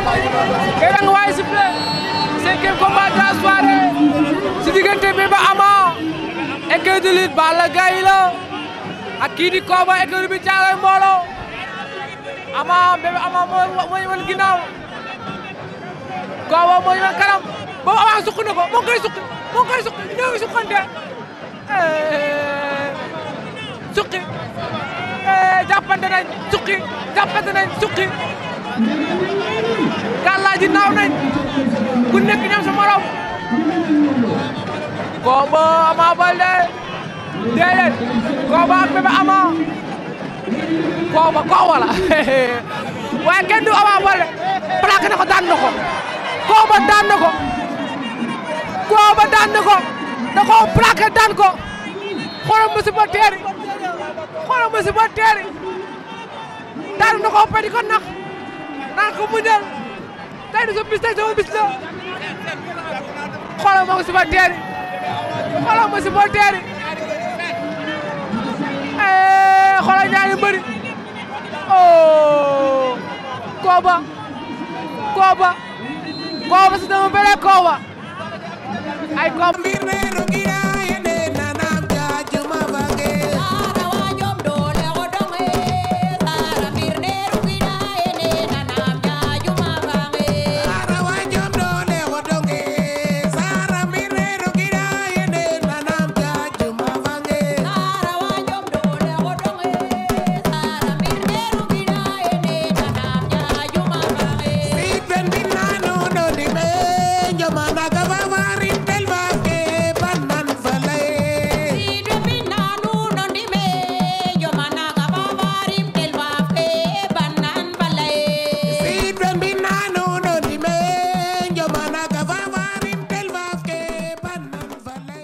Guédiawaye waay sifflé e, cinquième combat de la soirée si diggante Bébé Ama écurie de lutte Balla Gaye la ak kii di Koma écurie bi Thiaroye Mbolo Ama mooy wan ginnaaw Koma mooy wan kanam boobu Ama sukk ko moo koy sukk moo koy sukk ñoo ngi sukkante eh, eh, sukki jàppante nañ nañ sukki ji naaw nañ ku nekk ñam sa morom combo Ama Baldé déedéet combo ak Ama combo combo la kenn du Ama Baldé plaqué na ko daan na ko combo daan na ko combo daan na ko da koo plaqué daan ko xoolal si ba teeri xoolal si ba teeri daan na ko pedi ko nax naan ko muñal tey du sa bis tey sama bis la si ma teeri xoolal si ma teeri eh, xoolal ñaari mbëri oh kooba kooba kooba si dama bëre kooba ay kooba